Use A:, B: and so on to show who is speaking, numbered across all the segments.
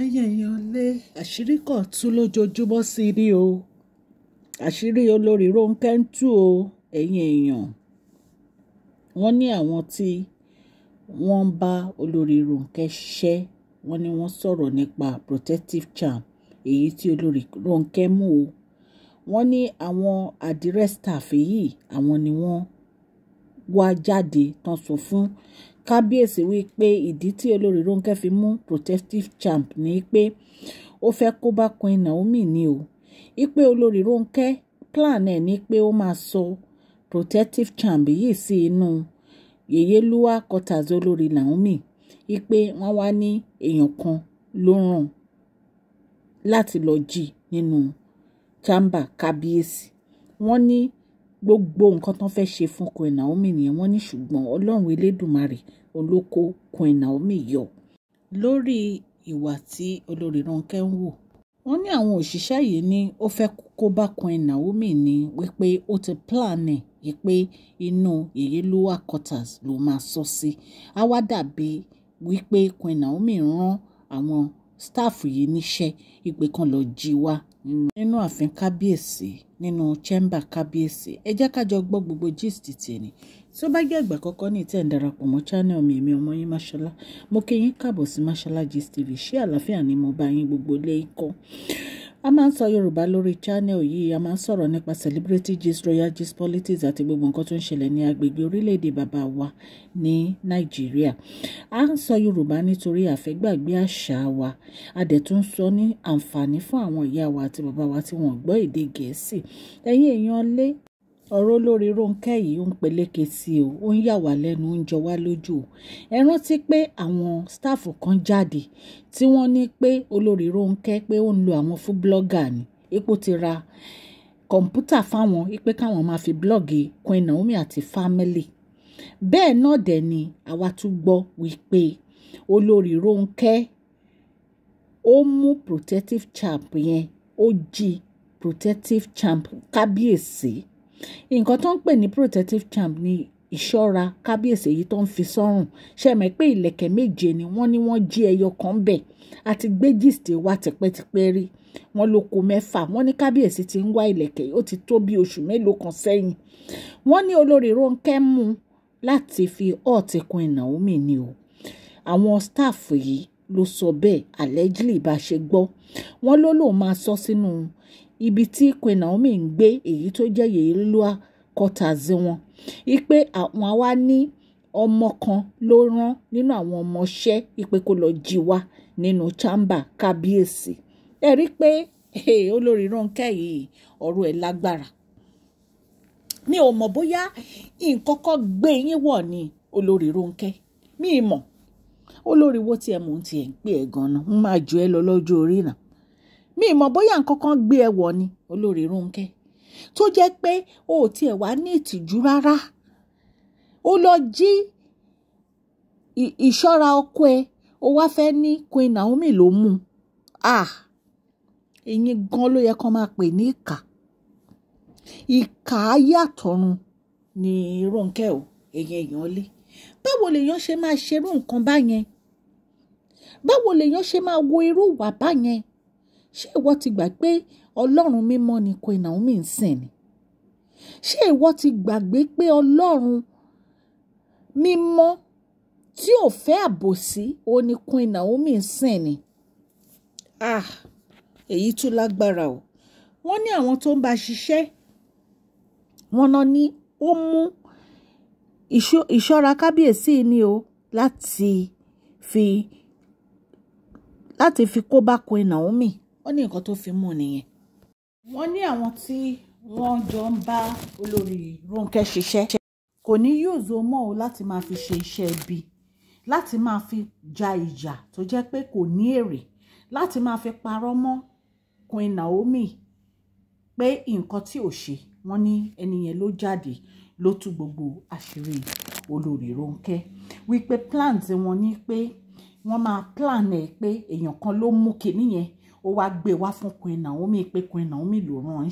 A: ẹ̀yin èèyàn lé àṣírí kan tú lójoojúmọ́ sí ni o àṣírí olórí Rónkẹ́ ń tú o ẹ̀yin èèyàn wọ́n ní àwọn tí wọ́n ń bá olórí Rónkẹ́ ṣiṣẹ́ wọ́n ní wọ́n sọ̀rọ̀ nípa protective charm èyí tí olórí Rónkẹ́ mú o wọ́n ní àwọn àdírẹ́ staff yìí àwọn ni wọ́n wá jáde tán sọ fún kábíyèsí wí pé ìdí tí olórí Rónkẹ́ fi mú protective champ ni pé ó fẹ́ kó bá Queen Naomi ni o ipe olórí Rónkẹ́ plan ẹ̀ ni pé ó máa sọ protective champ yìí sí inú Yèyélúwà quarters olórí Naomi ipe wọ́n wá ní èèyàn kan ló ràn láti lọ jí nínú chamber kábíyèsí wọ́n ní gbogbo nǹkan tán fẹ́ ṣe fún Queen Naomi nìyẹn wọ́n ní ṣùgbọ́n ọlọ́run elédùnmarè olóko Queen Naomi yọ lórí ìwà tí olórí Ronke ń wò wọ́n ní àwọn òṣìṣẹ́ yìí ní ó fẹ́ kó bá Queen Naomi ní wípé ó ti plan ẹ̀ yìí pé inú èyí lower quarters ló máa sọ sí á wá dàbí wípé Queen Naomi rán àwọn stáàfù yìí níṣẹ́ ìpè kan lọ jí wá nínú ààfin kábíyèsí nínú chẹ́mbà kábíyèsí ẹ jẹ́ ká jọ gbọ́ gbogbo gist tìẹ̀nì tí ó bá jẹ́ ìgbà àkọ́kọ́ ní ìtẹ́ ìdarapọ̀ mọ́ channel mi èmi ọmọ yín Mashola mo kí yín káàbọ̀ sí Mashola Gist TV ṣé àlàáfíà ni mo bá yín gbogbo lé ikọ́ a máa ń sọ yorùbá lórí channel yìí a máa ń sọ̀rọ̀ nípa celebrity gist royal gist politics àti gbogbo nǹkan tó ń ṣẹlẹ̀ ní agbègbè orílẹ̀-èdè bàbá wa ní nàìjíríà a ń sọ yorùbá nítorí àfẹ́gbàgbé àṣà wa a dẹ̀ tún sọ ní àǹfààní fún àwọn ìyá wa àti bàbá wa tí wọ́n gbọ́ èdè gẹ̀ẹ́sì ẹ̀yin èèyàn lé ọ̀rọ̀ olórí Rónkẹ́ yìí ó ń peléke sí o ó ń yà wá lẹ́nu ó ń jọ wá lójú o ẹ rántí pé àwọn staff kan jáde tí wọ́n ní pé olórí Rónkẹ́ pé ó ń lo àwọn fún blogger ni epo ti ra kọ̀ǹpútà fáwọn pé káwọn máa fi blọ́ọ̀gì Queen Naomi àti family bẹ́ẹ̀ náà dẹ̀ ni àwa tún gbọ́ wípé olórí Rónkẹ́ ó mú protective champ yẹn ó jí protective champ kábíyèsí nǹkan tó ń pè ní protective charm ni ìṣọ́ra kábíyèsí èyí tó ń fi sọ́rùn ṣẹ̀mẹ̀ pé ìlẹ̀kẹ̀ méje ni wọ́n ní wọ́n jí ẹyọ kan bẹ̀ àti gbé gist e wa tipẹ́tipẹ́ rí wọ́n ló kó mẹ́fà wọ́n ní kábíyèsí ti ń wá ìlẹ̀kẹ̀ ó ti tó bí oṣù mélòó kan sẹ́yìn wọ́n ní olórí Rónkẹ́ mú láti fi ọ̀ọ̀tì kun Naomi ni o àwọn staff yìí ló sọ bẹ́ẹ̀ allegedly bá ṣe gbọ́ wọ́n ló lóun máa sọ sínú ibi tí Queen Naomi ń gbé èyí tó jẹ́ Yerilua quarters wọn ipe àwọn wa ní ọmọ kan ló rán nínú àwọn ọmọọṣẹ́ ipe kó lọ jí wa nínú chamber kábíyèsí ẹ rí pé olórí Rónkẹ́ yìí ọ̀rọ̀ ẹ̀ lágbára mi ò mọ̀ bóyá nǹkan kan gbé yín wọ̀ ni olórí Rónkẹ́ mi ì mọ̀ olórí wo tiẹ̀ mò ń tiẹ̀ ń pè ẹ́ gan-an máa jù ẹ́ lọ lọ́jọ́ orí náà mi ì mọ̀ bóyá nǹkan kan gbé ẹ wọ̀ ni olórí Rónkẹ́ tó jẹ́ pé o ò tiẹ̀ wá ní ìtìjú rárá ó lọ jí ìṣọ́ra ọkọ ẹ o wá fẹ́ ní Queen Naomi ló mú un ah ẹ̀yin gan ló yẹ kó máa pè ní ìkà ìkà ayé ni Rónkẹ́ o èyàn èèyàn lé báwo lèèyàn ṣe máa ṣerú nǹkan báyẹn báwo lèèyàn ṣe máa wo irú ìwà báyẹn ṣé ìwọ ti gbàgbé ọlọ́run mímọ́ ni Queen Naomi ń sìn ni ṣé ìwọ ti gbàgbé pé ọlọ́run mímọ́ tí ò fẹ́ àbòsí òun ni ń sìn ni ah èyí tún lágbára o wọ́n ní àwọn tó ń bá ṣiṣẹ́ wọ́n náà ní ó mú ìṣọ́ra kábíyèsí ni o láti fi láti fi kó bá Queen Naomi ó ní nǹkan tó fi mú nìyẹn wọ́n ní àwọn tí wọ́n jọ ń bá olórí Rónkẹ́ ṣiṣẹ́ kò ní yóò zo mọ́ o láti máa fi ṣe iṣẹ́ ibi láti máa fi ja ìjà tó jẹ́ pé kò ní èrè láti máa fi parọ́ mọ́ Queen Naomi pé nǹkan tí ò ṣe wọ́n ní ẹni yẹn ló jáde ló tú gbogbo àṣírí olórí Rónkẹ́ wípé plans wọn ní pé wọ́n máa plan ẹ̀ pé èèyàn kan ló mú kinní yẹn O ó wá wa fun fún na o mi Queen Naomi na o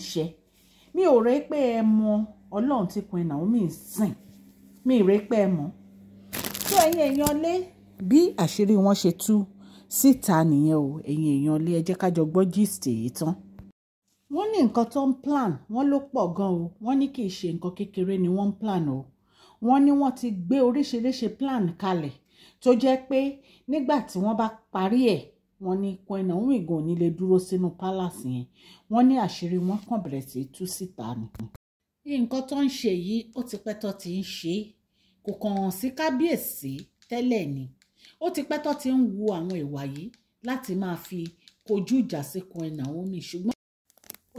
A: mi ò rẹ́ pé ẹ mọ ọlọ́run tí Queen Naomi ń sìn mi ò rẹ́ pé ẹ mọ tó ẹ̀yin èèyàn lé bí àṣírí wọn ṣe tú síta nìyẹn o ẹ̀yin èèyàn lé e jẹ́ ká jọ gbọ́ gist èyí tán wọ́n ní nǹkan tó plan wọ́n ló pọ̀ gan o wọ́n ní kì í ṣe nǹkan ni wọ́n plan o wọ́n ní wọ́n ti gbé oríṣiríṣi plan kalẹ̀ tó jẹ́ pé nígbà tí wọ́n bá parí ẹ̀ wọ́n ní Queen Naomi gan ò ní lè dúró sínú palace yẹn wọ́n ní àṣírí wọn kàn bẹ̀rẹ̀ sí tú síta ni. nǹkan tó ń ṣe yìí ó ti pẹ́ tó ti ń ṣe é kò kàn hàn sí kábíyèsí tẹ́lẹ̀ ni ó ti pẹ́ tó ti ń wo àwọn ìwà yìí láti máa fi kojú ìjà sí Queen Naomi ṣùgbọ́n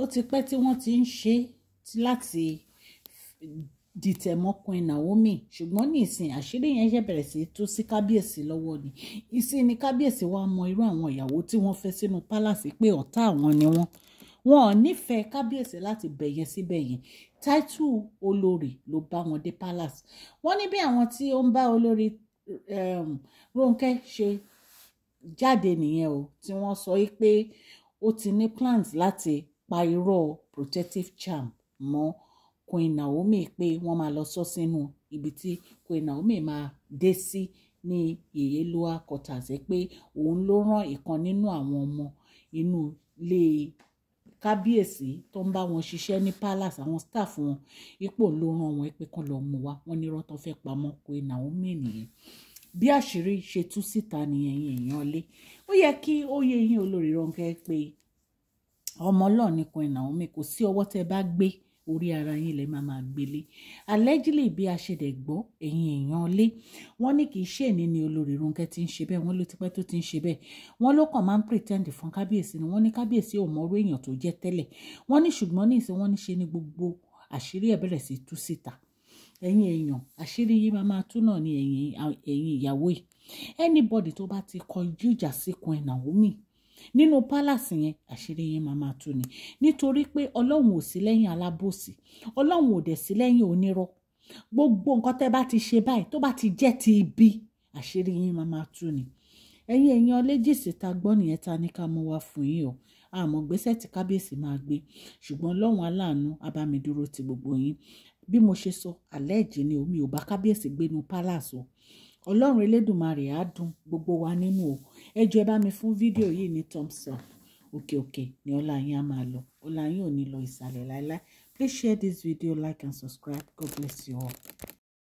A: ó ti pẹ́ tí wọ́n ti ń ṣe láti dìtẹ̀ mọ́ Queen Naomi ṣùgbọ́n ní ìsìn àṣírí yẹn ṣe bẹ̀rẹ̀ sí tú sí kábíyèsí lọ́wọ́ ni ìsìn ni kábíyèsí wa mọ irú àwọn ìyàwó tí wọ́n fẹ́ sínú pálàsì pé ọ̀tá àwọn ni wọ́n wọn ò nífẹ̀ẹ́ kábíyèsí láti bẹ̀yẹn síbẹ̀ yẹn táìtù olórí ló bá wọn dé palace wọ́n ní bí àwọn tí ó ń bá olórí um, Rónkẹ́ ṣe jáde nìyẹn o tí wọ́n sọ pé ó ti ní plans láti pa irọ́ protective charm mọ́ Queen Naomi pé wọ́n máa lọ sọ sínú ibi tí Queen Naomi máa dé sí ní Yèyélúwà quarters ẹ pé òun ló rán ìkan nínú àwọn ọmọ inú ilé kábíyèsí tó ń bá wọn ṣiṣẹ́ ní palace àwọn staff wọn ipò ló rán wọn pé kán lọ mú wa wọn ní irọ́ tó fẹ́ pamọ́ Queen Naomi nìyẹn bí àṣírí ṣe tú síta nìyẹn èèyàn lé ó yẹ kí ó yẹ yín olórí Ronke pé ọmọ ọlọ́ọ̀ni Queen Naomi kò sí ọwọ́ tẹ́ bá gbé orí ara yín lè máa máa gbélé allegedly bí a ṣe dẹ̀ gbọ́ ẹ̀yin èèyàn lé wọ́n ní kì ṣe èní ni olórí Rónkẹ́ ti ń ṣe bẹ́ẹ̀ wọ́n ló ti tó ti ń ṣe bẹ́ẹ̀ wọ́n ló kàn máa ń pretend fún kábíyèsí ni wọ́n ní kábíyèsí ò mọrú èèyàn tó jẹ́ tẹ́lẹ̀ wọ́n ní ṣùgbọ́n ní ìsìn wọ́n ní ṣe ni gbogbo àṣírí ẹ̀ bẹ̀rẹ̀ sí tú síta ẹ̀yin èèyàn àṣírí yìí máa máa tú náà ní ẹ̀yin ìyàwó yìí anybody tó bá ti kọjú ìjà sí Queen Naomi nínú pálàsì yẹn àṣírí yín máa máa tú ni nítorí pé ọlọ́run ò sí lẹ́yìn alábòsí ọlọ́run ò dẹ̀ sí lẹ́yìn onírọ́ gbogbo nǹkan tẹ́ bá ti ṣe báyìí tó bá ti jẹ́ ti ibi àṣírí yín máa máa tú ni ẹ̀yin ẹ̀yin ọlẹ́jìsì ta gbọ́ nìyẹn ta ní ká mú wa fún yín o àmọ́ gbèsè tí kábíyèsí máa gbé ṣùgbọ́n ọlọ́run aláàánú abámidúró ti gbogbo yín bí mo ṣe sọ àlẹ́ ìjì ni omi ò bá kábíyèsí gbénu pálàsì o ọlọ́run elédùnmarè á dùn gbogbo wa nínú o ẹ jọ̀ọ́ ẹ bá mi fún fídíò yìí ní thumbs òkè òkè ni ọlá yín á máa lọ ọlá yín ò ní lọ ìsàlẹ̀ láéláé please share this video like and subscribe god bless you all.